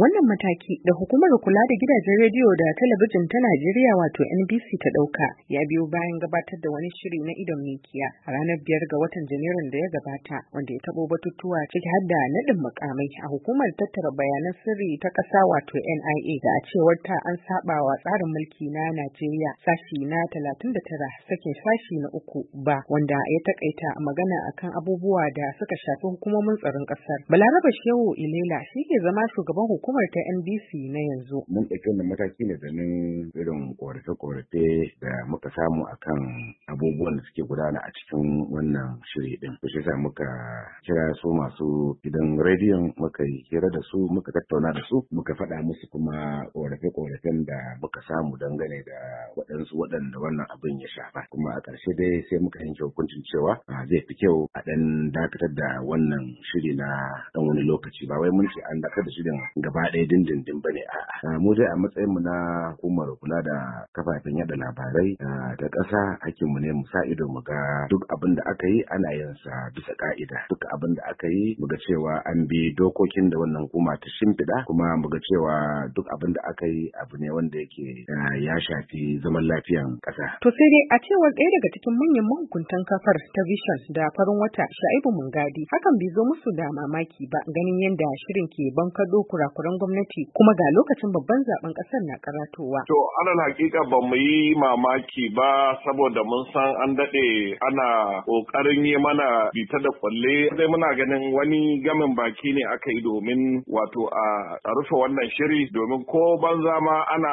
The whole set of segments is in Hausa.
Wannan mataki da hukumar kula da gidajen rediyo da talabijin ta Najeriya wato NBC ta ɗauka ya biyo bayan gabatar da wani shiri na idon mikiya a ranar biyar ga watan Janairun da ya gabata wanda ya taɓo batutuwa ciki har da naɗin makamai a hukumar tattara bayanan sirri ta ƙasa wato NIA da a cewar ta an saba wa tsarin mulki na Najeriya sashi na 39 sakin sashi na uku ba wanda ya takaita magana akan abubuwa da suka shafi hukumomin tsaron ƙasar. balarabe Shehu Ilela shi ke zama shugaban hukumar hukumar ta NBC na yanzu. Mun ɗauki wannan mataki ne domin irin ƙorafe-ƙorafe da muka samu akan abubuwan da suke gudana a cikin wannan shiri ɗin. Shi muka kira su masu gidan rediyon muka yi hira da su muka tattauna da su muka faɗa musu kuma korafe-korafen da muka samu dangane da waɗansu waɗanda wannan abin ya shafa. Kuma a ƙarshe dai sai muka yanke hukuncin cewa zai fi kyau a ɗan dakatar da wannan shiri na ɗan wani lokaci ba wai mun ce an dakatar da shirin ga gaba ɗaya dindindin ba ne a'a ah, mu dai a matsayin mu na hukumar kula da kafafen yada labarai da ah, ƙasa hakkin mu ne mu sa ido mu ga duk abin da aka yi ana yin sa bisa ka'ida duk abin da aka yi mu ga cewa an bi dokokin da wannan hukuma ta shimfiɗa kuma mu ga cewa duk abin da aka yi abu ne wanda yake ah, ya shafi zaman lafiyan ƙasa. To sai dai a cewar ɗaya daga cikin manyan mahukuntan kafar ta Vision da farin wata Sha'ibu Mungadi hakan bai zo musu da mamaki ba ganin yadda shirin ke bankado kurakura takwaran gwamnati kuma ga lokacin babban zaben kasar na karatowa. To alal hakika ba mu yi mamaki ba saboda mun san an daɗe ana ƙoƙarin yi mana bita da kwalle sai muna ganin wani gamin baki ne aka yi domin wato a rufe wannan shiri domin ko banza ma ana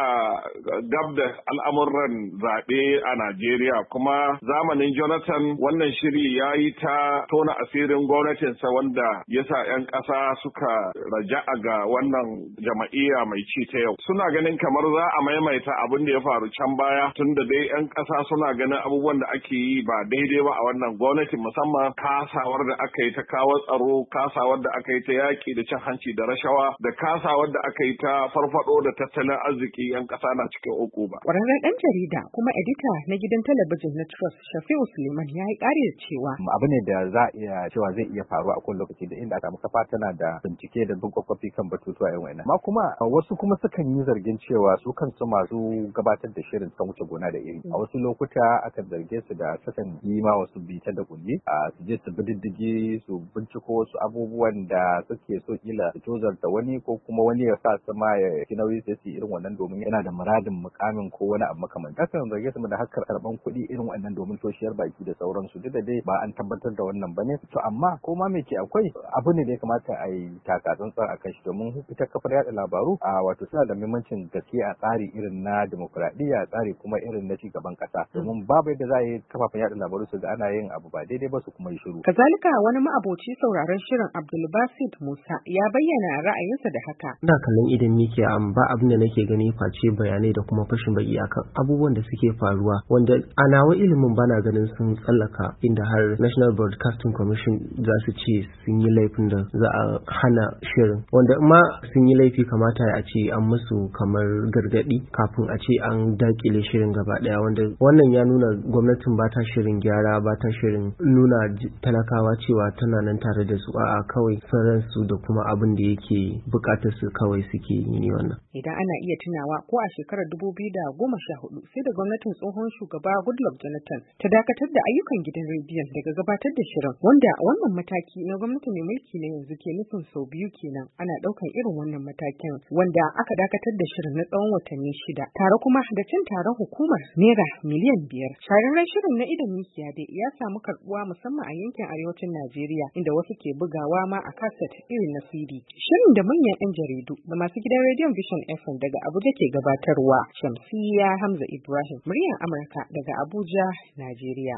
gab da al'amuran zaɓe a Najeriya kuma zamanin Jonathan wannan shiri ya yi ta tona asirin gwamnatinsa wanda ya sa 'yan ƙasa suka raja'a ga wannan wannan jama'iyya mai ci ta yau suna ganin kamar za a maimaita abin da ya faru can baya tun da dai 'yan ƙasa suna ganin abubuwan da ake yi ba daidai ba a wannan gwamnati musamman kasawar da aka yi ta kawo tsaro kasawar da aka yi ta yaƙi da cin hanci da rashawa da kasawar da aka yi ta farfado da tattalin arziki 'yan ƙasa na cikin uku ba. Ƙwararren ɗan jarida kuma edita na gidan talabijin na Trust Shafi'u Suleiman ya yi ƙari da cewa. Abu ne da za a iya cewa zai iya faruwa a kowane lokaci da inda aka muka kafa tana da bincike da bin kwakwafi kan batutuwa bayan wannan ma kuma wasu kuma sukan yi zargin cewa su kansu masu gabatar da shirin sun wuce gona da iri a mm. wasu lokuta akan zarge su da sukan yi ma wasu bitan da kulli a su je su bididdigi su binciko su abubuwan da suke so kila su tozarta wani ko kuma wani ya sa su ma ya ki nauyi sai su irin wannan domin yana da muradin mukamin ko wani abu makamanci akan zarge su da hakkar karban kuɗi irin wannan domin toshiyar baki da sauransu duk da dai ba an tabbatar da wannan bane to amma ko ma me ke akwai abu ne da ya kamata a yi takatsantsan kan shi domin ita kafar yada labaru a wato suna da muhimmancin gaske a tsari irin na demokuraɗiyya tsari kuma irin na ci gaban ƙasa hmm. domin babu yadda za a yi kafafen yada labaru su ga ana yin abu ba daidai ba su kuma yi shiru. Kazalika wani ma'aboci sauraron shirin Abdulbasit Musa ya bayyana ra'ayinsa da haka. Ina kallon idan ke am ba abin da nake gani face bayanai da kuma fashin baki akan abubuwan da suke faruwa wanda a nawa ilimin bana ganin sun tsallaka inda har National Broadcasting Commission za su ce sun yi laifin da za a hana shirin wanda ma sun yi laifi kamata a ce an musu kamar gargadi kafin a ce an dakile shirin gaba daya wanda wannan ya nuna gwamnatin ba ta shirin gyara ba ta shirin nuna talakawa cewa tana nan tare da su a kawai sauran su da kuma abin da yake bukatar su kawai suke yi ne wannan idan ana iya tunawa ko a shekarar dubu biyu da goma sha hudu sai da gwamnatin tsohon shugaba Goodluck Jonathan ta dakatar da ayyukan gidan rediyon daga gabatar da shirin wanda wannan mataki na gwamnati mai mulki na yanzu ke nufin sau biyu kenan ana daukan irin wannan matakin wanda aka dakatar da shirin na tsawon watanni shida tare kuma da cin taron hukumar naira miliyan biyar shahararren shirin na idan mikiya dai ya samu karbuwa musamman a yankin arewacin najeriya inda wasu ke bugawa ma a kaset irin na cd shirin da manyan yan jaridu da masu gidan rediyon vision fm daga abuja ke gabatarwa shamsiya hamza ibrahim muryar amurka daga abuja najeriya